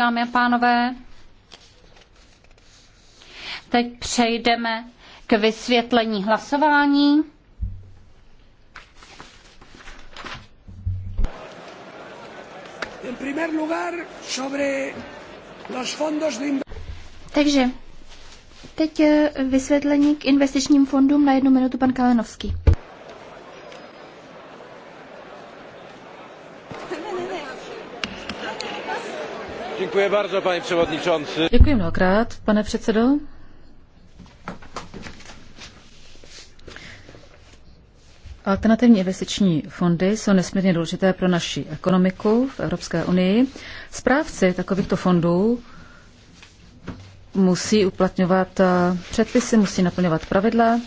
Dámy a pánové, teď přejdeme k vysvětlení hlasování. Takže teď eh, vysvětlení k investičním fondům na jednu minutu pan Kalenovský. Děkuji bardzo, pane předsedající. Děkuji mnohokrát, pane předsedo. Alternativní investiční fondy jsou nesmírně důležité pro naši ekonomiku v Evropské unii. Správci takovýchto fondů musí uplatňovat eh, předpisy, musí naplňovat pravidla,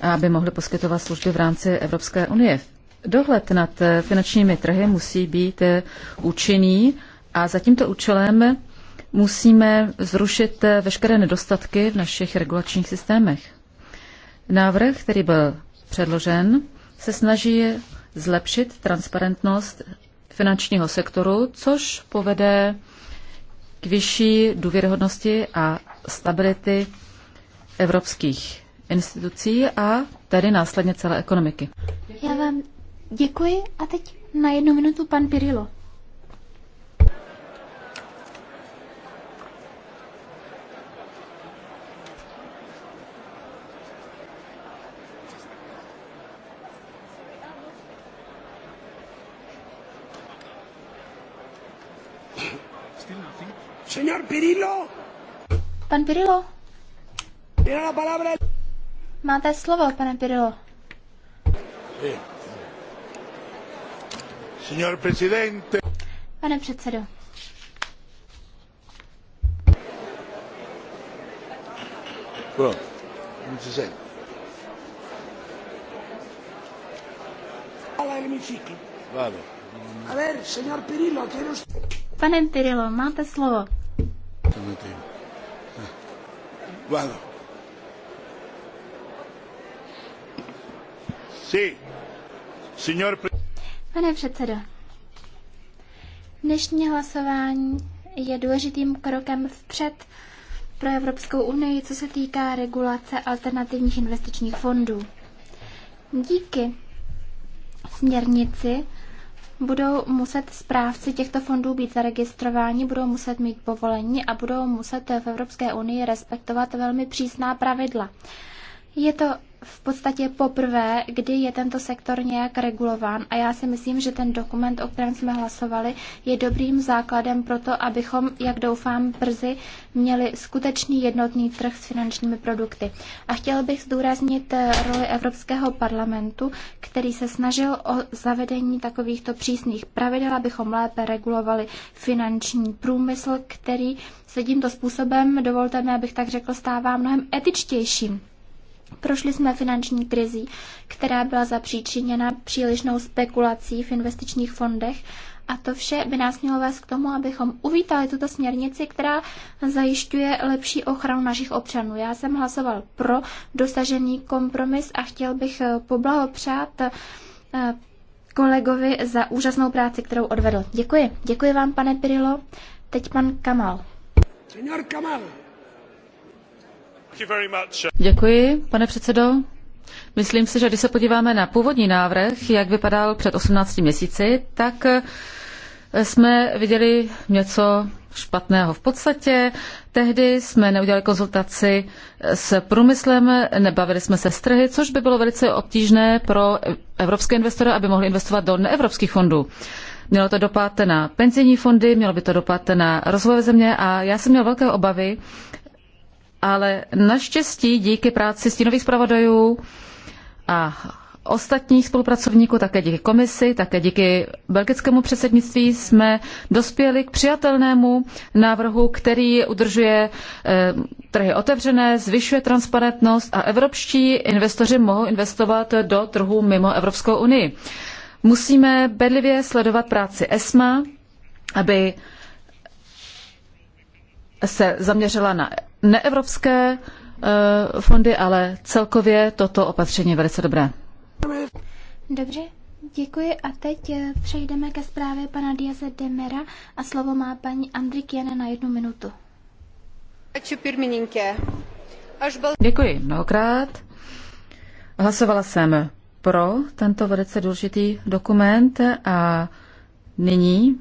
aby mohly poskytovat služby v rámci Evropské unie. Dohled nad eh, finančními trhy musí být eh, účinný a za tímto účelem musíme zrušit veškeré nedostatky v našich regulačních systémech. Návrh, který byl předložen, se snaží zlepšit transparentnost finančního sektoru, což povede k vyšší důvěryhodnosti a stability evropských institucí a tedy následně celé ekonomiky. Já vám děkuji a teď na jednu minutu pan Pirilo. Pirilo? Pan Pirillo? Máte slovo, pane Pirilo. Signor Presidente. Pane předsedo. Pro, non si sente. Vale. A ver, señor Pirilo, quiere Pane Pirilo, máte slovo. Bueno. Hm. Sí. Signor... Pane předsedo, dnešní hlasování je důležitým krokem vpřed pro Evropskou unii, co se týká regulace alternativních investičních fondů. Díky směrnici budou muset správci těchto fondů být zaregistrováni, budou muset mít povolení a budou muset v Evropské unii respektovat velmi přísná pravidla. Je to v podstatě poprvé, kdy je tento sektor nějak regulován a já si myslím, že ten dokument, o kterém jsme hlasovali, je dobrým základem pro to, abychom, jak doufám, brzy měli skutečný jednotný trh s finančními produkty. A chtěl bych zdůraznit eh, roli Evropského parlamentu, který se snažil o zavedení takovýchto přísných pravidel, abychom lépe regulovali finanční průmysl, který se tímto způsobem, dovolte mi, abych tak řekl, stává mnohem etičtějším. Prošli jsme finanční krizí, která byla zapříčiněna přílišnou spekulací v investičních fondech a to vše by nás mělo vést k tomu, abychom uvítali tuto směrnici, která zajišťuje lepší ochranu našich občanů. Já jsem hlasoval pro dosažený kompromis a chtěl bych eh, poblahopřát eh, kolegovi za úžasnou práci, kterou odvedl. Děkuji. Děkuji vám, pane Pirilo. Teď pan Kamal. Senor Kamal. Děkuji, pane předsedo. Myslím si, že když se podíváme na původní návrh, jak vypadal před 18 měsíci, tak eh, jsme viděli něco špatného. V podstatě tehdy jsme neudělali konzultaci eh, s průmyslem, nebavili jsme se s trhy, což by bylo velice obtížné pro evropské investory, aby mohli investovat do neevropských fondů. Mělo to dopad na penzijní fondy, mělo by to dopad na rozvojové země a já jsem měl velké obavy, ale naštěstí díky práci stínových zpravodajů a ostatních spolupracovníků, také díky komisi, také díky belgickému předsednictví jsme dospěli k přijatelnému návrhu, který udržuje eh, trhy otevřené, zvyšuje transparentnost a evropští investoři mohou investovat do trhu mimo Evropskou unii. Musíme bedlivě sledovat práci ESMA, aby se zaměřila na neevropské eh, fondy, ale celkově toto opatření je velice dobré. Dobře, děkuji a teď eh, přejdeme ke zprávě pana Diaze Demera a slovo má paní Andrik Jana na jednu minutu. Děkuji mnohokrát. Hlasovala jsem pro tento velice důležitý dokument a nyní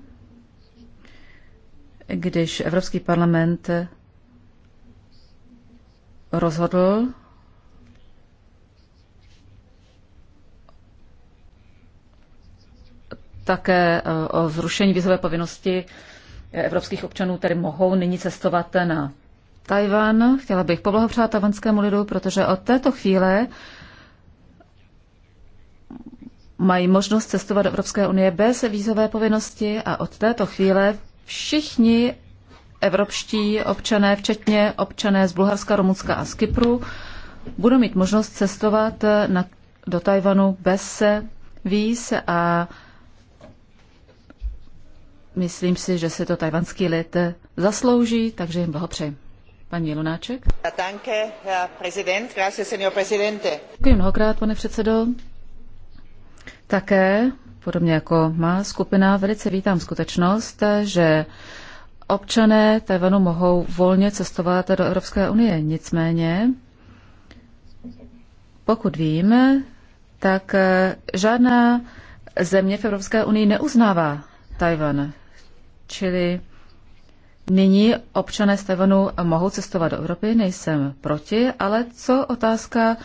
když Evropský parlament rozhodl také eh, o zrušení vizové povinnosti eh, evropských občanů, které mohou nyní cestovat na Tajvan. Chtěla bych poblahopřát tajvanskému lidu, protože od této chvíle mají možnost cestovat do Evropské unie bez vízové povinnosti a od této chvíle všichni evropští občané, včetně občané z Bulharska, Rumunska a z Kypru, budou mít možnost cestovat eh, na, do Tajvanu bez víz a myslím si, že se to tajvanský lid eh, zaslouží, takže jim blahopřeji. Paní Lunáček. Děkuji mnohokrát, pane předsedo. Také podobně jako má skupina, velice vítám skutečnost, že občané Tajvanu mohou volně cestovat do Evropské unie. Nicméně, pokud vím, tak žádná země v Evropské unii neuznává Tajvan. Čili nyní občané z Tajvanu mohou cestovat do Evropy, nejsem proti, ale co otázka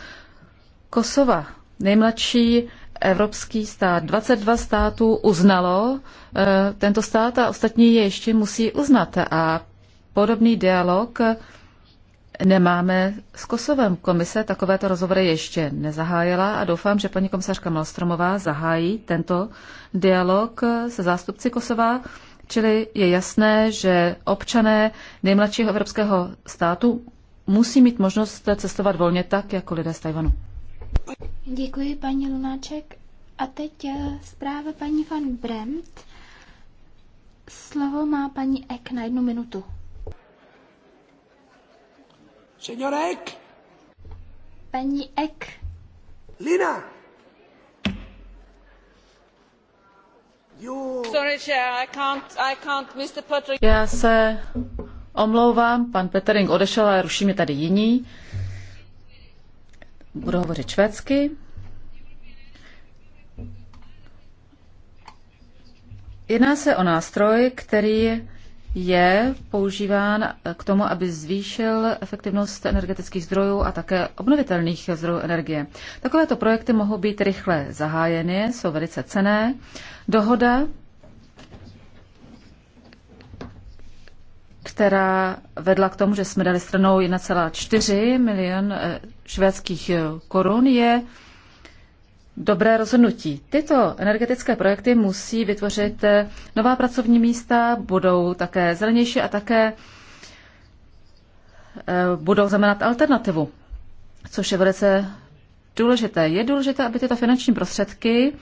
Kosova? Nejmladší evropský stát. 22 států uznalo eh, tento stát a ostatní je ještě musí uznat. A podobný dialog nemáme s Kosovem. Komise takovéto rozhovory ještě nezahájila a doufám, že paní komisařka Malstromová zahájí tento dialog se zástupci Kosova. Čili je jasné, že občané nejmladšího evropského státu musí mít možnost cestovat volně tak, jako lidé z Tajvanu. Děkuji, paní Lunáček. A teď eh, zpráva paní van Bremt. Slovo má paní Ek na jednu minutu. Senor Ek! Paní Ek! Lina! You... Sorry, chair, I can't, I can't, Mr. Já se omlouvám, pan Petering odešel, a ruší mi tady jiní. Budu hovořit švédsky. Jedná se o nástroj, který je používán k tomu, aby zvýšil efektivnost energetických zdrojů a také obnovitelných zdrojů energie. Takovéto projekty mohou být rychle zahájeny, jsou velice cené. Dohoda která vedla k tomu, že jsme dali stranou 1,4 milion eh, švédských eh, korun, je dobré rozhodnutí. Tyto energetické projekty musí vytvořit eh, nová pracovní místa, budou také zelenější a také budou znamenat alternativu, což je velice důležité. Je důležité, aby tyto finanční prostředky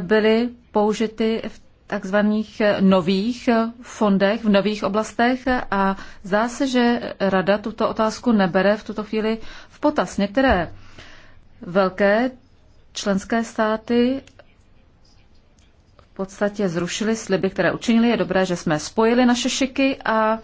byly použity v takzvaných eh, nových eh, fondech, v nových oblastech a zdá se, že rada tuto otázku nebere v tuto chvíli v potaz. Některé velké členské státy v podstatě zrušily sliby, které učinili. Je dobré, že jsme spojili naše šiky a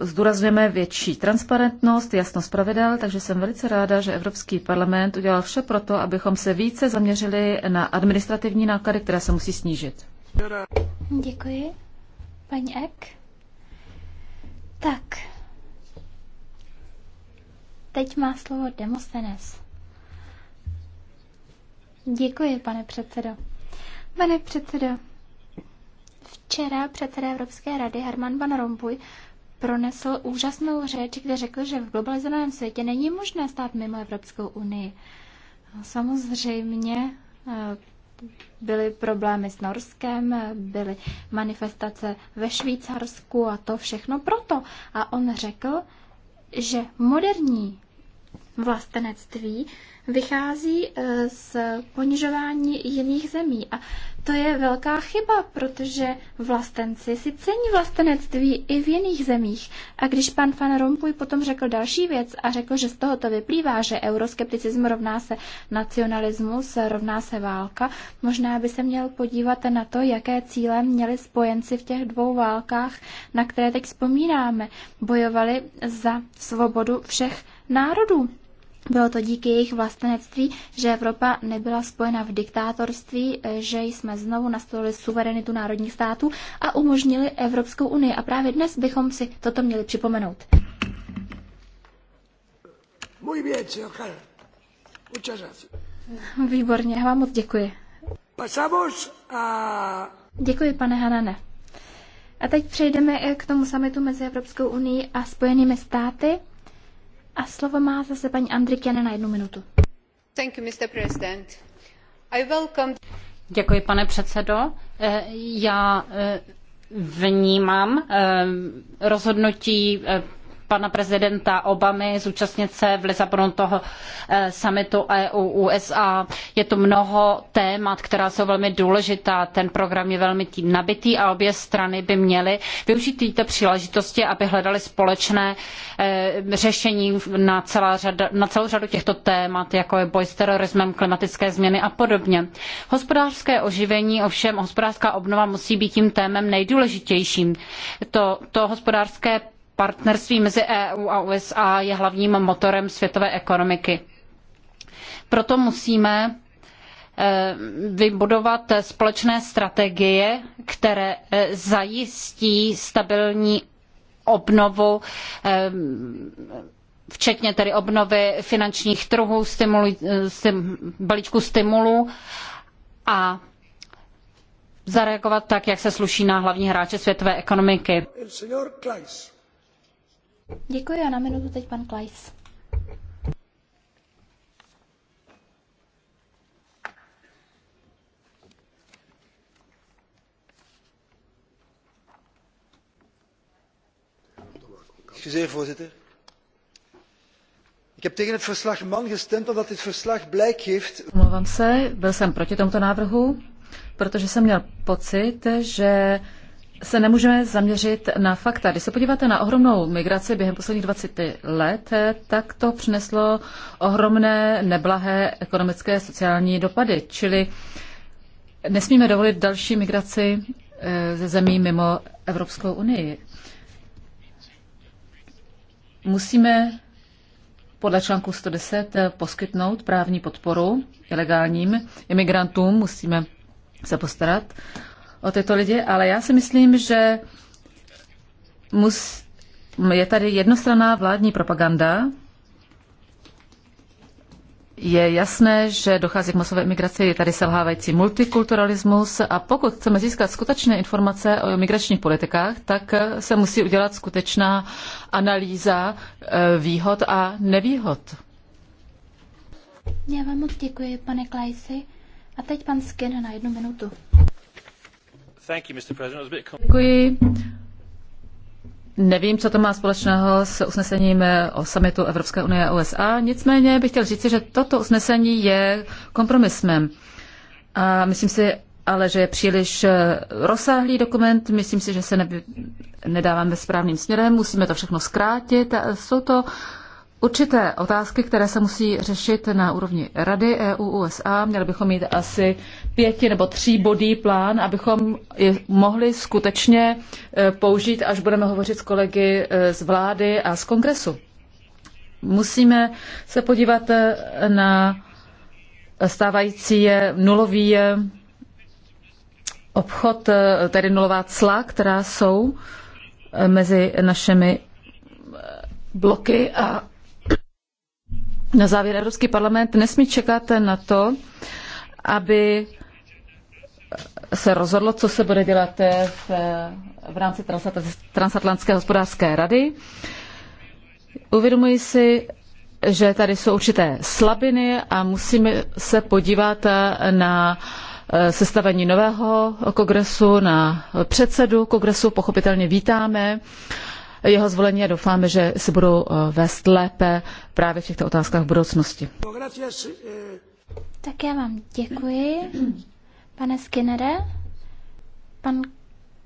zdůrazňujeme větší transparentnost, jasnost pravidel, takže jsem velice ráda, že Evropský parlament udělal vše proto, abychom se více zaměřili na administrativní náklady, které se musí snížit. Děkuji. Paní Ek? Tak. Teď má slovo Demosthenes. Děkuji, pane předsedo. Pane předsedo, včera předseda Evropské rady Herman Van Rompuy pronesl úžasnou řeč, kde řekl, že v globalizovaném světě není možné stát mimo Evropskou unii. Samozřejmě eh, byly problémy s Norskem, byly manifestace ve Švýcarsku a to všechno proto. A on řekl, že moderní vlastenectví vychází eh, z ponižování jiných zemí. A to je velká chyba, protože vlastenci si cení vlastenectví i v jiných zemích. A když pan Van Rompuy potom řekl další věc a řekl, že z toho to vyplývá, že euroskepticismus rovná se nacionalismus, rovná se válka, možná by se měl podívat na to, jaké cíle měli spojenci v těch dvou válkách, na které teď vzpomínáme. Bojovali za svobodu všech národů. Bylo to díky jejich vlastenectví, že Evropa nebyla spojena v diktátorství, že jsme znovu nastolili suverenitu národních států a umožnili Evropskou unii. A právě dnes bychom si toto měli připomenout. Muy bien, Výborně, já vám moc děkuji. Pasamos a... Děkuji, pane Hanane. A teď přejdeme k tomu samitu mezi Evropskou unii a Spojenými státy. A slovo má zase paní Andrikiane na jednu minutu. Thank you, Mr. President. I welcome... Děkuji, pane předsedo. Eh, já eh, vnímám eh, rozhodnutí pana prezidenta Obamy zúčastnit se v Lisabonu toho eh, summitu EU-USA. Je tu mnoho témat, která jsou velmi důležitá. Ten program je velmi nabitý a obě strany by měly využít této příležitosti, aby hledali společné eh, řešení na, řada, na celou řadu těchto témat, jako je boj s terorismem, klimatické změny a podobně. Hospodářské oživení, ovšem hospodářská obnova musí být tím témem nejdůležitějším. To, to hospodářské partnerství mezi EU a USA je hlavním motorem světové ekonomiky. Proto musíme eh, vybudovat společné strategie, které eh, zajistí stabilní obnovu, eh, včetně tedy obnovy finančních trhů, stimulu, stim, balíčku stimulů a zareagovat tak, jak se sluší na hlavní hráče světové ekonomiky. Děkuji a na minutu teď pan Klajs. voorzitter ik heb tegen het verslag mann gestemd omdat dit verslag blijk se byl jsem proti tomuto návrhu protože jsem měl pocit že se nemůžeme zaměřit na fakta. Když se podíváte na ohromnou migraci během posledních 20 let, tak to přineslo ohromné neblahé ekonomické a sociální dopady, čili nesmíme dovolit další migraci eh, ze zemí mimo Evropskou unii. Musíme podle článku 110 poskytnout právní podporu ilegálním imigrantům, musíme se postarat o tyto lidi, ale já si myslím, že mus, je tady jednostranná vládní propaganda. Je jasné, že dochází k masové imigraci, je tady selhávající multikulturalismus a pokud chceme získat skutečné informace o migračních politikách, tak se musí udělat skutečná analýza eh, výhod a nevýhod. Já vám moc děkuji, pane Klajsi. A teď pan Skin na jednu minutu. Děkuji. Nevím, co to má společného s usnesením eh, o summitu Evropské unie a USA, nicméně bych chtěl říci, že toto usnesení je kompromisem. A myslím si, ale že je příliš eh, rozsáhlý dokument, myslím si, že se neby, nedáváme správným směrem, musíme to všechno zkrátit. Jsou to určité otázky, které se musí řešit na úrovni Rady EU-USA. Měli bychom mít asi pěti nebo tří bodý plán, abychom je mohli skutečně e, použít, až budeme hovořit s kolegy e, z vlády a z kongresu. Musíme se podívat e, na stávající nulový obchod, tedy nulová cla, která jsou mezi našimi bloky a na závěr Evropský parlament nesmí čekat na to, aby se rozhodlo, co se bude dělat v, v rámci Transatlantské hospodářské rady. Uvědomuji si, že tady jsou určité slabiny a musíme se podívat na eh, sestavení nového kongresu, na předsedu kongresu. Pochopitelně vítáme jeho zvolení a doufáme, že se budou eh, vést lépe právě v těchto otázkách v budoucnosti. Tak já vám děkuji, pane Skinnere. Pan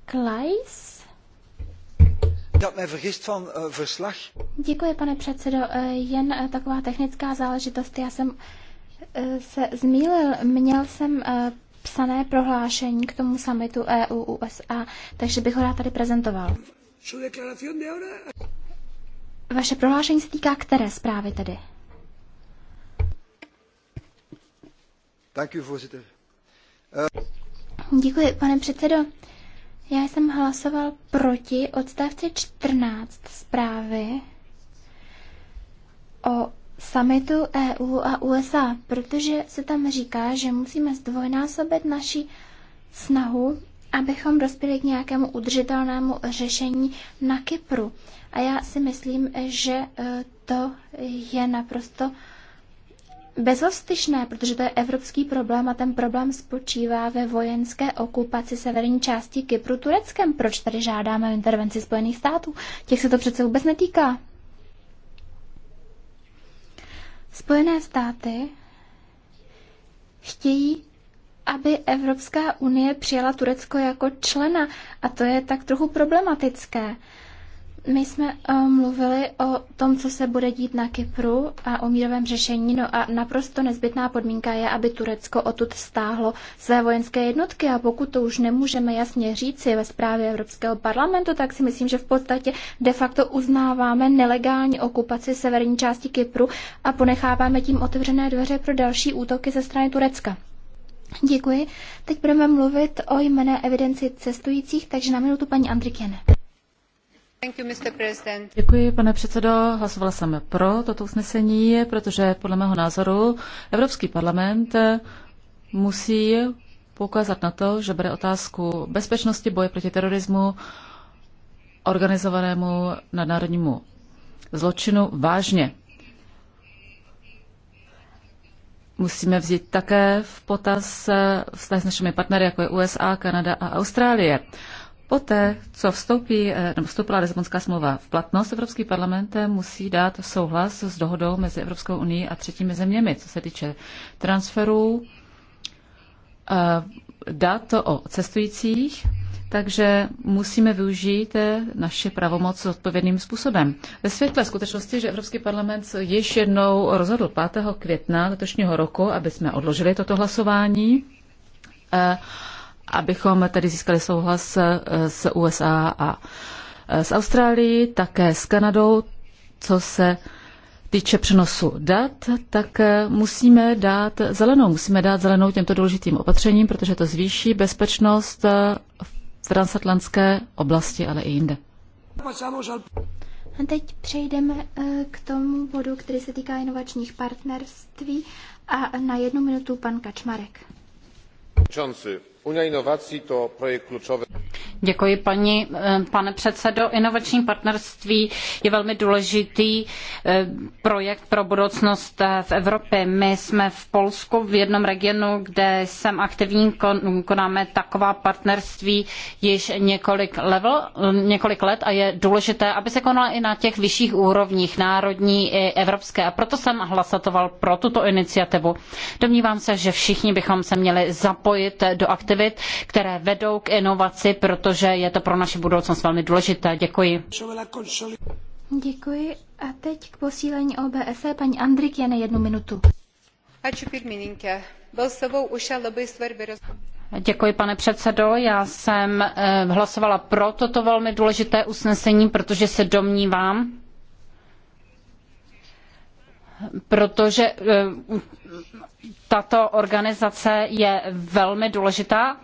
Kleis? Eh, děkuji, pane předsedo. Eh, jen taková technická záležitost. Já jsem se zmílil. Měl jsem psané prohlášení k tomu samitu EU-USA, takže bych ho rád tady prezentoval. Vaše prohlášení se týká které zprávy tedy? Děkuji, pane předsedo. Já jsem hlasoval proti odstavci 14 zprávy o samitu EU a USA, protože se tam říká, že musíme zdvojnásobit naši snahu abychom dospěli k nějakému udržitelnému řešení na Kypru. A já si myslím, že e, to je naprosto bezostyšné, protože to je evropský problém a ten problém spočívá ve vojenské okupaci severní části Kypru Tureckem. Proč tady žádáme intervenci Spojených států? Těch se to přece vůbec netýká. Spojené státy chtějí aby Evropská unie přijala Turecko jako člena a to je tak trochu problematické. My jsme uh, mluvili o tom, co se bude dít na Kypru a o mírovém řešení. No a naprosto nezbytná podmínka je, aby Turecko odtud stáhlo své vojenské jednotky. A pokud to už nemůžeme jasně říci ve zprávě Evropského parlamentu, tak si myslím, že v podstatě de facto uznáváme nelegální okupaci severní části Kypru a ponecháváme tím otevřené dveře pro další útoky ze strany Turecka. Děkuji. Teď budeme mluvit o jmené evidenci cestujících, takže na minutu paní Andrikiene. Děkuji, pane předsedo. Hlasovala jsem pro toto usnesení, protože podle mého názoru Evropský parlament musí poukázat na to, že bude otázku bezpečnosti boje proti terorismu, organizovanému nadnárodnímu zločinu vážně. musíme vzít také v potaz eh, vztah s našimi partnery, jako je USA, Kanada a Austrálie. Poté, co vstoupí, eh, nebo vstoupila Lisabonská smlouva v platnost, Evropský parlament eh, musí dát souhlas s dohodou mezi Evropskou unii a třetími zeměmi, co se týče transferů, dat o cestujících takže musíme využít eh, naše pravomoc odpovědným způsobem. Ve světle skutečnosti, že Evropský parlament již jednou rozhodl 5. května letošního roku, aby jsme odložili toto hlasování, eh, abychom tedy získali souhlas eh, s USA a s Austrálií, také s Kanadou, co se týče přenosu dat, tak musíme dát zelenou. Musíme dát zelenou těmto důležitým opatřením, protože to zvýší bezpečnost v v transatlantské oblasti, ale i jinde. A teď přejdeme eh, k tomu bodu, který se týká inovačních partnerství a na jednu minutu pan Kačmarek. Děkuji, eh, pane předsedo. Inovační partnerství je velmi důležitý eh, projekt pro budoucnost eh, v Evropě. My jsme v Polsku v jednom regionu, kde jsem aktivní, konáme taková partnerství již několik, let a je důležité, aby se konala i na těch vyšších úrovních, národní i evropské. A proto jsem hlasoval pro tuto iniciativu. Domnívám se, že všichni bychom se měli zapojit do aktivity aktivit, které vedou k inovaci, protože je to pro naši budoucnost velmi důležité. Děkuji. Děkuji. A teď k posílení OBSE paní Andrik jen jednu minutu. Ačiū pirmininkė. Balsavau už šią labai svarbią Děkuji, pane předsedo. Já jsem eh, hlasovala pro toto velmi důležité usnesení, protože se domnívám, protože eh, tato organizace je velmi důležitá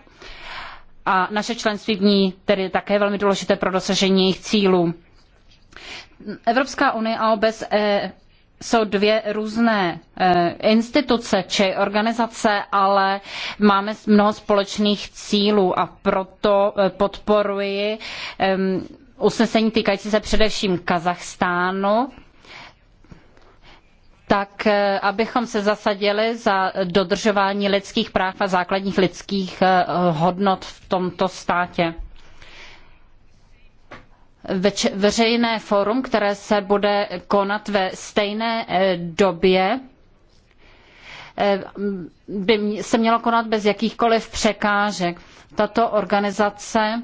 a naše členství v ní tedy také velmi důležité pro dosažení jejich cílů. Evropská unie a OBSE eh, jsou dvě různé eh, instituce či organizace, ale máme mnoho společných cílů a proto podporuji usnesení týkající se především Kazachstánu tak eh, abychom se zasadili za dodržování lidských práv a základních lidských eh, hodnot v tomto státě. Veřejné fórum, které se bude konat ve stejné eh, době, by se mělo konat bez jakýchkoliv překážek. Tato organizace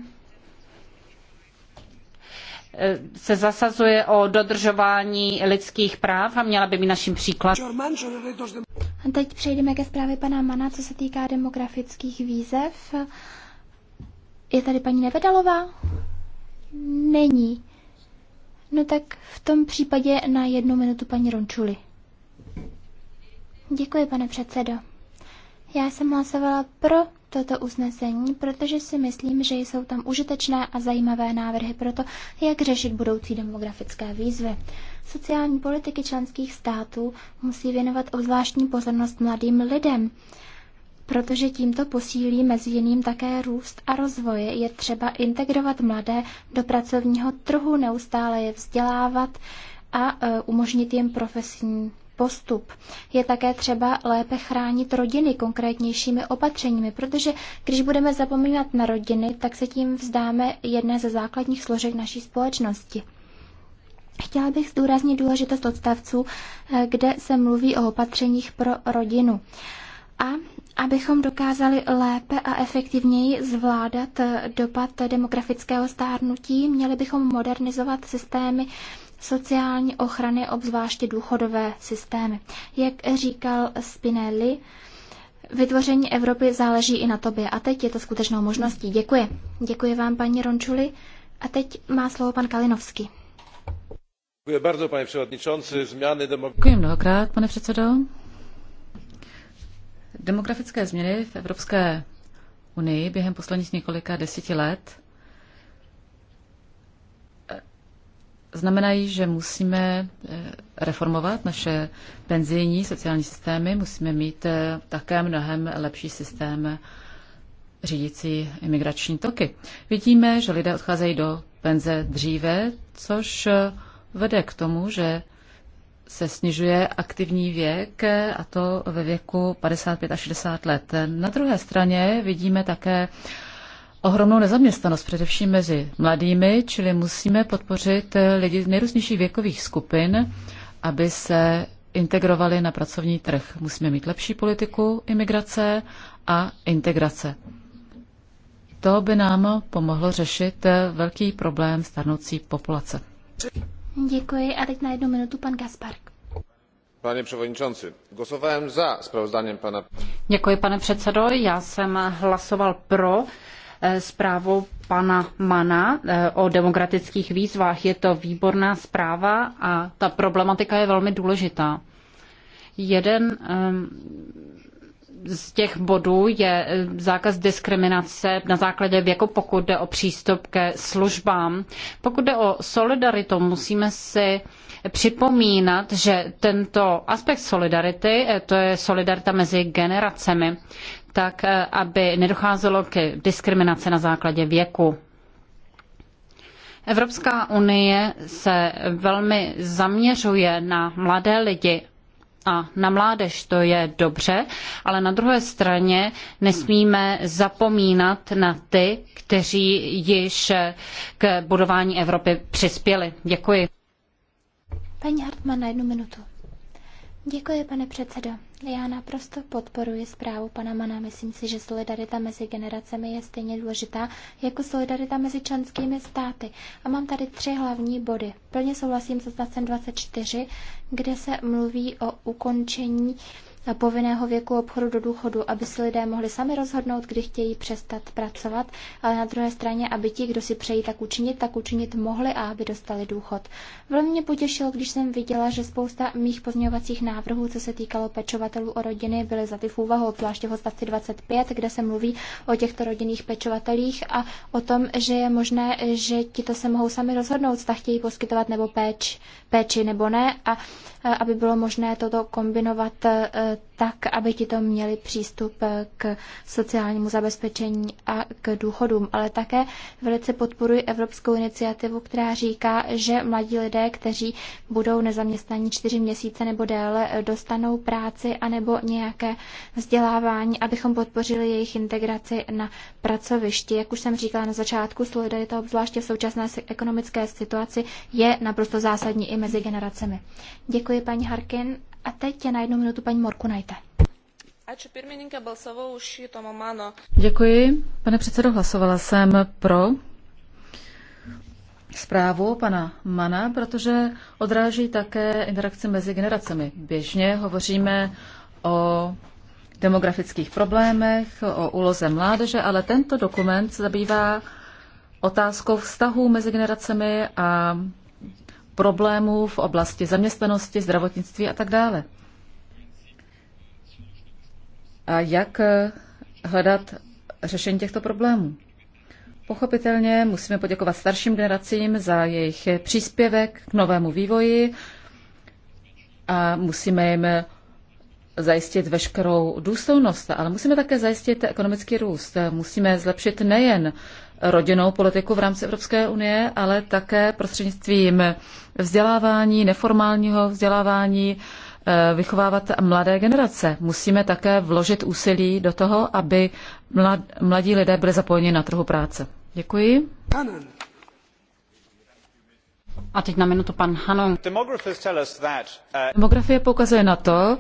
Eh, se zasazuje o dodržování lidských práv a měla by být naším příkladem. A teď přejdeme ke zprávě pana Mana, co se týká demografických výzev. Je tady paní Nevedalová? Není. No tak v tom případě na jednu minutu paní Rončuli. Děkuji, pane předsedo. Já jsem hlasovala pro toto usnesení, protože si myslím, že jsou tam užitečné a zajímavé návrhy pro to, jak řešit budoucí demografické výzvy. Sociální politiky členských států musí věnovat obzvláštní pozornost mladým lidem, protože tímto posílí mezi jiným také růst a rozvoj. Je třeba integrovat mladé do pracovního trhu, neustále je vzdělávat a e, umožnit jim profesní postup. Je také třeba lépe chránit rodiny konkrétnějšími opatřeními, protože když budeme zapomínat na rodiny, tak se tím vzdáme jedné ze základních složek naší společnosti. Chtěla bych zdůraznit důležitost odstavců, eh, kde se mluví o opatřeních pro rodinu. A abychom dokázali lépe a efektivněji zvládat eh, dopad demografického stárnutí, měli bychom modernizovat systémy sociální ochrany, obzvláště důchodové systémy. Jak říkal Spinelli, vytvoření Evropy záleží i na tobě a teď je to skutečnou možností. Děkuji. Děkuji vám, paní Rončuli. A teď má slovo pan Kalinovský. Děkuji bardzo, pane předsedající. Změny Děkuji mnohokrát, pane předsedo. Demografické změny v Evropské unii během posledních několika deseti let znamenají, že musíme eh, reformovat naše penzijní sociální systémy, musíme mít eh, také mnohem lepší systém řídící imigrační toky. Vidíme, že lidé odcházejí do penze dříve, což eh, vede k tomu, že se snižuje aktivní věk, a to ve věku 55 až 60 let. Na druhé straně vidíme také ohromnou nezaměstnanost, především mezi mladými, čili musíme podpořit eh, lidi z nejrůznějších věkových skupin, aby se integrovali na pracovní trh. Musíme mít lepší politiku imigrace a integrace. To by nám pomohlo řešit eh, velký problém starnoucí populace. Děkuji a teď na jednu minutu pan Gaspark. Pane předsedající, hlasoval za zpravodajem pana. Děkuji, pane předsedo. Já jsem hlasoval pro Eh, zprávu pana Mana eh, o demokratických výzvách. Je to výborná zpráva a ta problematika je velmi důležitá. Jeden eh, z těch bodů je zákaz diskriminace na základě věku, pokud jde o přístup ke službám. Pokud jde o solidaritu, musíme si připomínat, že tento aspekt solidarity, to je solidarita mezi generacemi tak eh, aby nedocházelo k diskriminaci na základě věku. Evropská unie se velmi zaměřuje na mladé lidi a na mládež to je dobře, ale na druhé straně nesmíme zapomínat na ty, kteří již k budování Evropy přispěli. Děkuji. Paní Hartmann na jednu minutu. Děkuji, pane předsedo. Já naprosto podporuji zprávu pana Mana. Myslím si, že solidarita mezi generacemi je stejně důležitá jako solidarita mezi členskými státy. A mám tady tři hlavní body. Plně souhlasím se stacem 24, kde se mluví o ukončení povinného věku obchodu do důchodu, aby si lidé mohli sami rozhodnout, kdy chtějí přestat pracovat, ale na druhé straně, aby ti, kdo si přejí tak učinit, tak učinit mohli a aby dostali důchod. Velmi mě potěšilo, když jsem viděla, že spousta mých pozměňovacích návrhů, co se týkalo pečovatelů o rodiny, byly za ty v úvahu, obzvláště v 25, kde se mluví o těchto rodinných pečovatelích a o tom, že je možné, že ti to se mohou sami rozhodnout, zda chtějí poskytovat nebo péč, péči nebo ne a aby bylo možné toto kombinovat eh, tak, aby ti to měli přístup k sociálnímu zabezpečení a k důchodům. Ale také velice podporuji evropskou iniciativu, která říká, že mladí lidé, kteří budou nezaměstnaní čtyři měsíce nebo déle, dostanou práci anebo nějaké vzdělávání, abychom podpořili jejich integraci na pracovišti. Jak už jsem říkala na začátku, solidarita obzvláště v současné ekonomické situaci je naprosto zásadní i mezi generacemi. Děkuji paní Harkin a teď je na jednu minutu paní Morkunajte. Děkuji. Pane předsedo, hlasovala jsem pro zprávu pana Mana, protože odráží také interakci mezi generacemi. Běžně hovoříme o demografických problémech, o úloze mládeže, ale tento dokument zabývá otázkou vztahů mezi generacemi a problémů v oblasti zaměstnanosti, zdravotnictví a tak dále. A jak eh, hledat řešení těchto problémů? Pochopitelně musíme poděkovat starším generacím za jejich příspěvek k novému vývoji a musíme jim zajistit veškerou důstojnost, ale musíme také zajistit ekonomický růst. Musíme zlepšit nejen rodinnou politiku v rámci Evropské unie, ale také prostřednictvím vzdělávání, neformálního vzdělávání, eh, vychovávat mladé generace. Musíme také vložit úsilí do toho, aby mladí lidé byli zapojeni na trhu práce. Děkuji. A teď na minutu pan Hanon. Uh, Demografie poukazuje na to,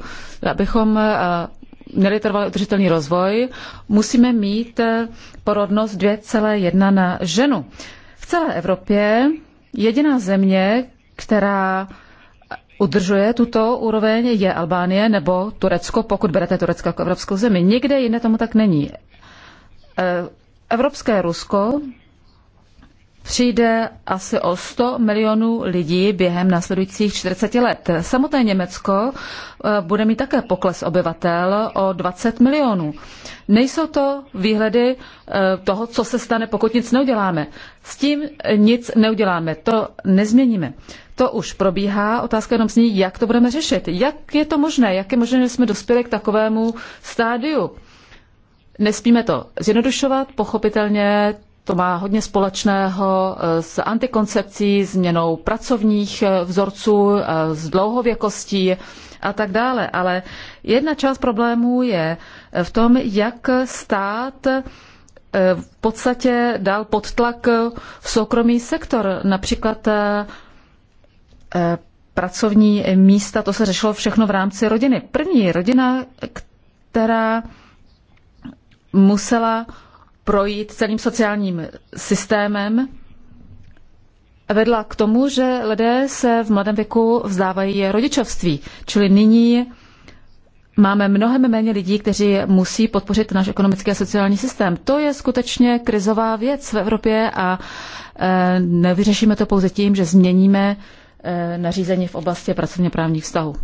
abychom eh, měli trvalý udržitelný rozvoj, musíme mít eh, porodnost 2,1 na ženu. V celé Evropě jediná země, která udržuje tuto úroveň, je Albánie nebo Turecko, pokud berete Turecko jako evropskou zemi. Nikde jinde tomu tak není. Eh, Evropské Rusko přijde asi o 100 milionů lidí během následujících 40 let. Samotné Německo eh, bude mít také pokles obyvatel o 20 milionů. Nejsou to výhledy eh, toho, co se stane, pokud nic neuděláme. S tím nic neuděláme, to nezměníme. To už probíhá, otázka jenom zní, jak to budeme řešit. Jak je to možné? Jak je možné, že jsme dospěli k takovému stádiu? Nesmíme to zjednodušovat, pochopitelně to má hodně společného eh, s antikoncepcí, změnou pracovních eh, vzorců, eh, s dlouhověkostí a tak dále. Ale jedna část problémů je v tom, jak stát v podstatě dal pod tlak soukromý sektor. Například pracovní místa, to se řešilo všechno v rámci rodiny. První rodina, která musela projít celým sociálním systémem, vedla k tomu, že lidé se v mladém věku vzdávají rodičovství. Čili nyní máme mnohem méně lidí, kteří musí podpořit náš ekonomický a sociální systém. To je skutečně krizová věc v Evropě a e, nevyřešíme to pouze tím, že změníme e, nařízení v oblasti pracovně právních vztahů.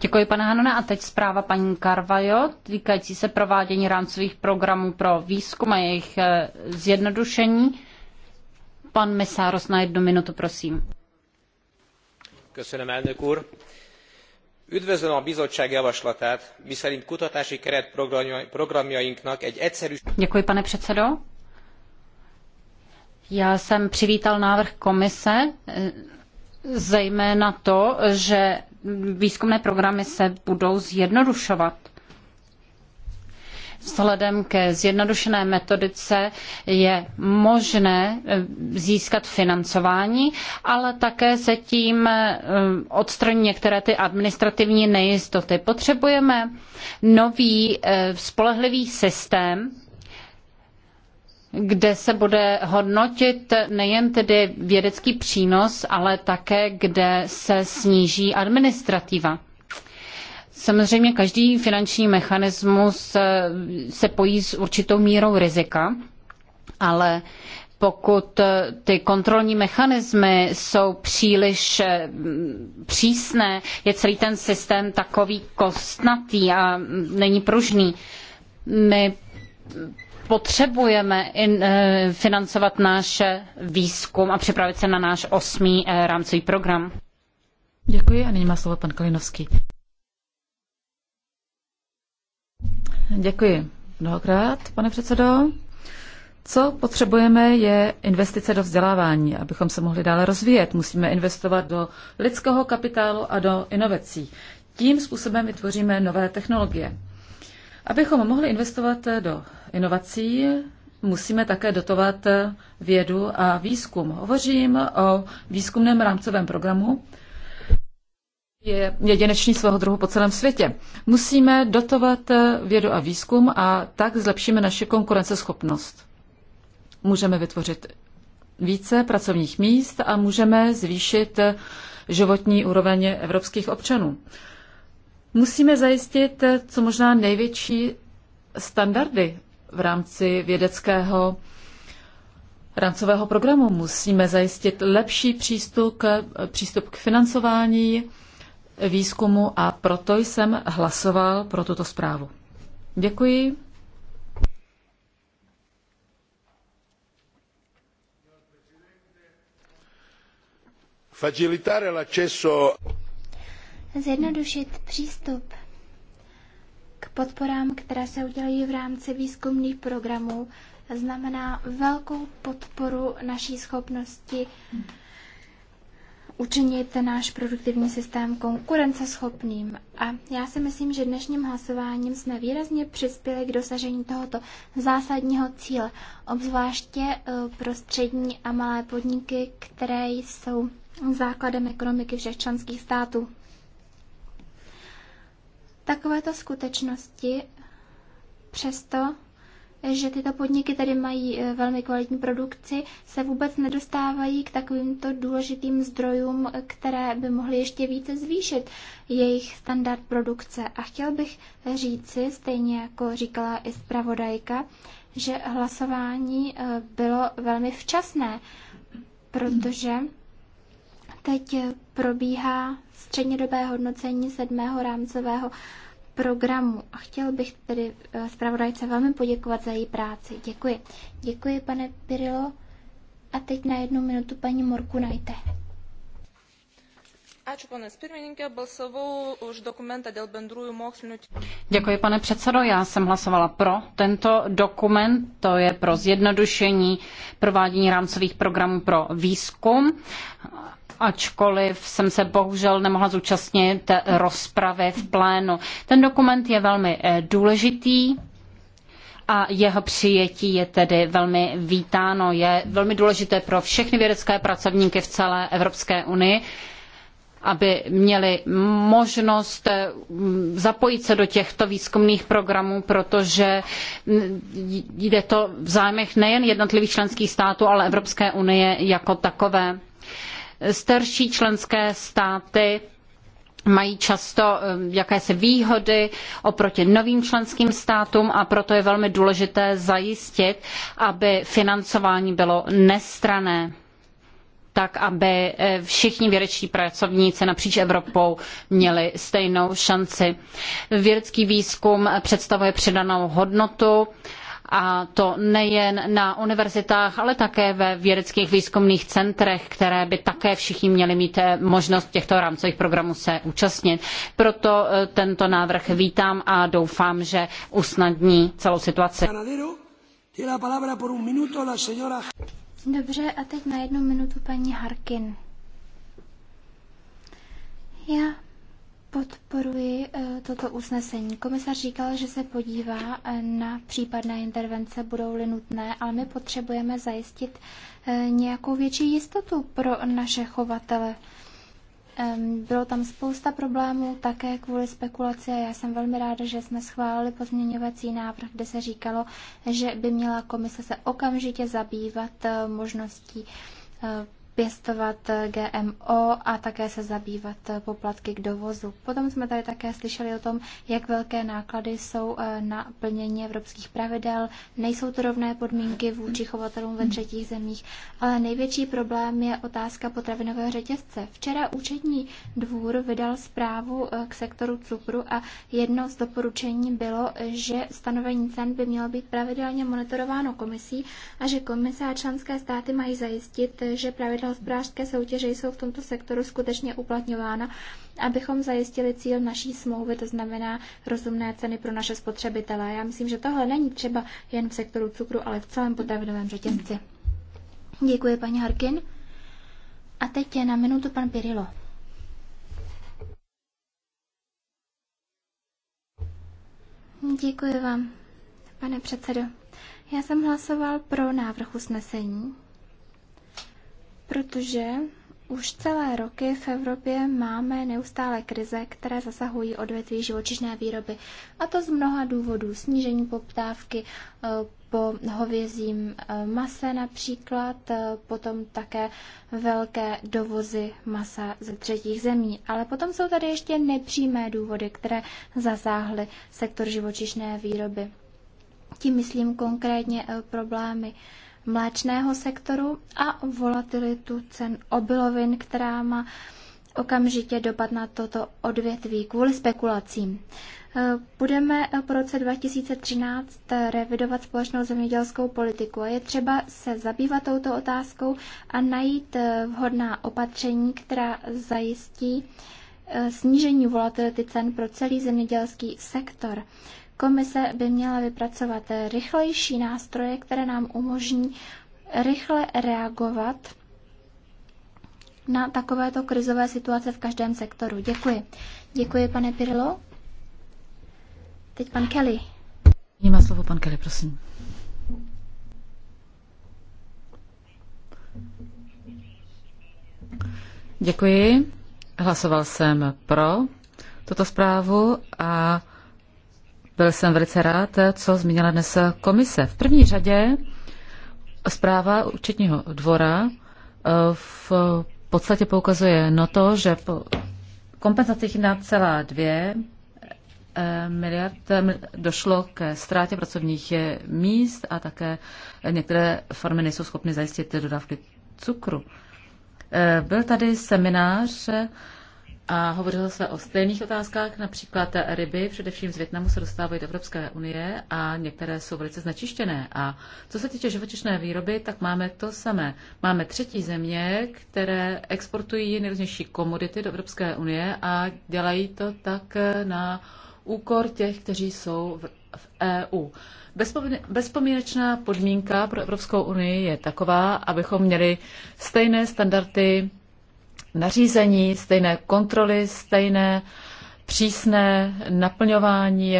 Děkuji, pane Hanone. A teď zpráva paní Carvajo, týkající se provádění rámcových programů pro výzkum a jejich eh, zjednodušení. Pan Mesáros na jednu minutu, prosím. Köszönöm, elnök úr. Üdvözlöm a bizottság javaslatát, miszerint kutatási keretprogramjainknak egy egyszerű... Děkuji, pane předsedo. Já jsem přivítal návrh komise eh, zejména to, že výzkumné programy se budou zjednodušovat. Vzhledem ke zjednodušené metodice je možné eh, získat financování, ale také se tím eh, odstraní některé ty administrativní nejistoty. Potřebujeme nový eh, spolehlivý systém, kde se bude hodnotit nejen tedy vědecký přínos, ale také, kde se sníží administrativa. Samozřejmě každý finanční mechanismus eh, se pojí s určitou mírou rizika, ale pokud eh, ty kontrolní mechanismy jsou příliš eh, přísné, je celý ten systém takový kostnatý a není pružný. My potřebujeme eh, financovat náš výzkum a připravit se na náš osmý eh, rámcový program. Děkuji a nyní má slovo pan Kalinovský. Děkuji mnohokrát, pane předsedo. Co potřebujeme je investice do vzdělávání, abychom se mohli dále rozvíjet. Musíme investovat do lidského kapitálu a do inovací. Tím způsobem vytvoříme nové technologie. Abychom mohli investovat do inovací, musíme také dotovat vědu a výzkum. Hovořím o výzkumném rámcovém programu, je jedinečný svého druhu po celém světě. Musíme dotovat vědu a výzkum a tak zlepšíme naši konkurenceschopnost. Můžeme vytvořit více pracovních míst a můžeme zvýšit životní úroveň evropských občanů. Musíme zajistit eh, co možná největší standardy v rámci vědeckého rámcového programu. Musíme zajistit lepší přístup, eh, přístup k financování výzkumu a proto jsem hlasoval pro tuto zprávu. Děkuji. Facilitare l'accesso zjednodušit přístup k podporám, které se udělají v rámci výzkumných programů, znamená velkou podporu naší schopnosti učinit náš produktivní systém konkurenceschopným. A já si myslím, že dnešním hlasováním jsme výrazně přispěli k dosažení tohoto zásadního cíle, obzvláště eh, pro střední a malé podniky, které jsou základem ekonomiky všech členských států takovéto skutečnosti, přesto, že tyto podniky tady mají e, velmi kvalitní produkci, se vůbec nedostávají k takovýmto důležitým zdrojům, které by mohly ještě více zvýšit jejich standard produkce. A chtěl bych říci, stejně jako říkala i zpravodajka, že hlasování e, bylo velmi včasné, protože Teď probíhá střednědobé hodnocení sedmého rámcového programu a chtěl bych tedy eh, zpravodajce velmi poděkovat za její práci. Děkuji. Děkuji, pane Pirilo. A teď na jednu minutu paní Morku najte. Děkuji, pane předsedo. Já jsem hlasovala pro tento dokument. To je pro zjednodušení provádění rámcových programů pro výzkum ačkoliv jsem se bohužel nemohla zúčastnit rozpravy v plénu. Ten dokument je velmi eh, důležitý a jeho přijetí je tedy velmi vítáno. Je velmi důležité pro všechny vědecké pracovníky v celé Evropské unii, aby měli možnost eh, zapojit se do těchto výzkumných programů, protože mm, jde to v zájmech nejen jednotlivých členských států, ale Evropské unie jako takové. Starší členské státy mají často eh, jakési výhody oproti novým členským státům a proto je velmi důležité zajistit, aby financování bylo nestrané tak, aby eh, všichni vědeční pracovníci napříč Evropou měli stejnou šanci. Vědecký výzkum představuje přidanou hodnotu a to nejen na univerzitách, ale také ve vědeckých výzkumných centrech, které by také všichni měli mít eh, možnost těchto rámcových programů se účastnit. Proto eh, tento návrh vítám a doufám, že usnadní celou situaci. Dobře, a teď na jednu minutu paní Harkin. Já Podporuji eh, toto usnesení. Komisař říkal, že se podívá eh, na případné intervence, budou-li nutné, ale my potřebujeme zajistit eh, nějakou větší jistotu pro naše chovatele. Bylo tam spousta problémů také kvůli spekulaci a já jsem velmi ráda, že jsme schválili pozměňovací návrh, kde se říkalo, že by měla komise se okamžitě zabývat možností pěstovat eh, GMO a také se zabývat eh, poplatky k dovozu. Potom jsme tady také slyšeli o tom, jak velké náklady jsou eh, na plnění evropských pravidel. Nejsou to rovné podmínky vůči chovatelům ve třetích zemích, ale největší problém je otázka potravinového řetězce. Včera účetní dvůr vydal zprávu k sektoru cukru a jedno z doporučení bylo, že stanovení cen by mělo být pravidelně monitorováno komisí a že komise a členské státy mají zajistit, že pravidelně pravidla hospodářské soutěže jsou v tomto sektoru skutečně uplatňována, abychom zajistili cíl naší smlouvy, to znamená rozumné ceny pro naše spotřebitele. Já myslím, že tohle není třeba jen v sektoru cukru, ale v celém potravinovém řetězci. Děkuji, paní Harkin. A teď je na minutu pan Pirilo. Děkuji vám, pane předsedo. Já jsem hlasoval pro návrh usnesení, protože už celé roky v Evropě máme neustále krize, které zasahují odvětví živočišné výroby. A to z mnoha důvodů. Snížení poptávky eh, po hovězím eh, mase například, eh, potom také velké dovozy masa ze třetích zemí. Ale potom jsou tady ještě nepřímé důvody, které zasáhly sektor živočišné výroby. Tím myslím konkrétně problémy mléčného sektoru a volatilitu cen obilovin, která má okamžitě dopad na toto odvětví kvůli spekulacím. Eh, budeme eh, po roce 2013 eh, revidovat společnou zemědělskou politiku a je třeba se zabývat touto otázkou a najít vhodná opatření, která zajistí snížení volatility cen pro celý zemědělský sektor. Komise by měla vypracovat rychlejší nástroje, které nám umožní rychle reagovat na takovéto krizové situace v každém sektoru. Děkuji. Děkuji, pane Pirlo. Teď pan Kelly. Má slovo pan Kelly, prosím. Děkuji. Hlasoval jsem pro tuto zprávu a byl jsem velice rád, co zmínila dnes komise. V první řadě zpráva účetního dvora eh, v podstatě poukazuje na to, že po kompenzacích na celá dvě eh, miliard eh, došlo ke ztrátě pracovních míst a také některé farmy nejsou schopny zajistit dodávky cukru. Byl tady seminář a hovořilo se o stejných otázkách, například ryby, především z Větnamu se dostávají do Evropské unie a některé jsou velice znečištěné. A co se týče živočišné výroby, tak máme to samé. Máme třetí země, které exportují nejrůznější komodity do Evropské unie a dělají to tak na úkor těch, kteří jsou v, v EU. Bezpomínečná podmínka pro Evropskou unii je taková, abychom měli stejné standardy nařízení, stejné kontroly, stejné přísné naplňování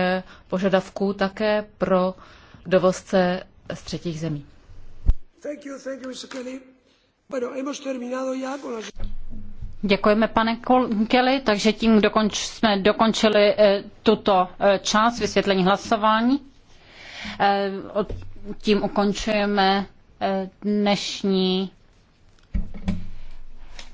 požadavků také pro dovozce z třetích zemí. Děkujeme, pane Kelly, takže tím dokonč, jsme dokončili eh, tuto eh, část vysvětlení hlasování. Eh, tím ukončujeme dnešní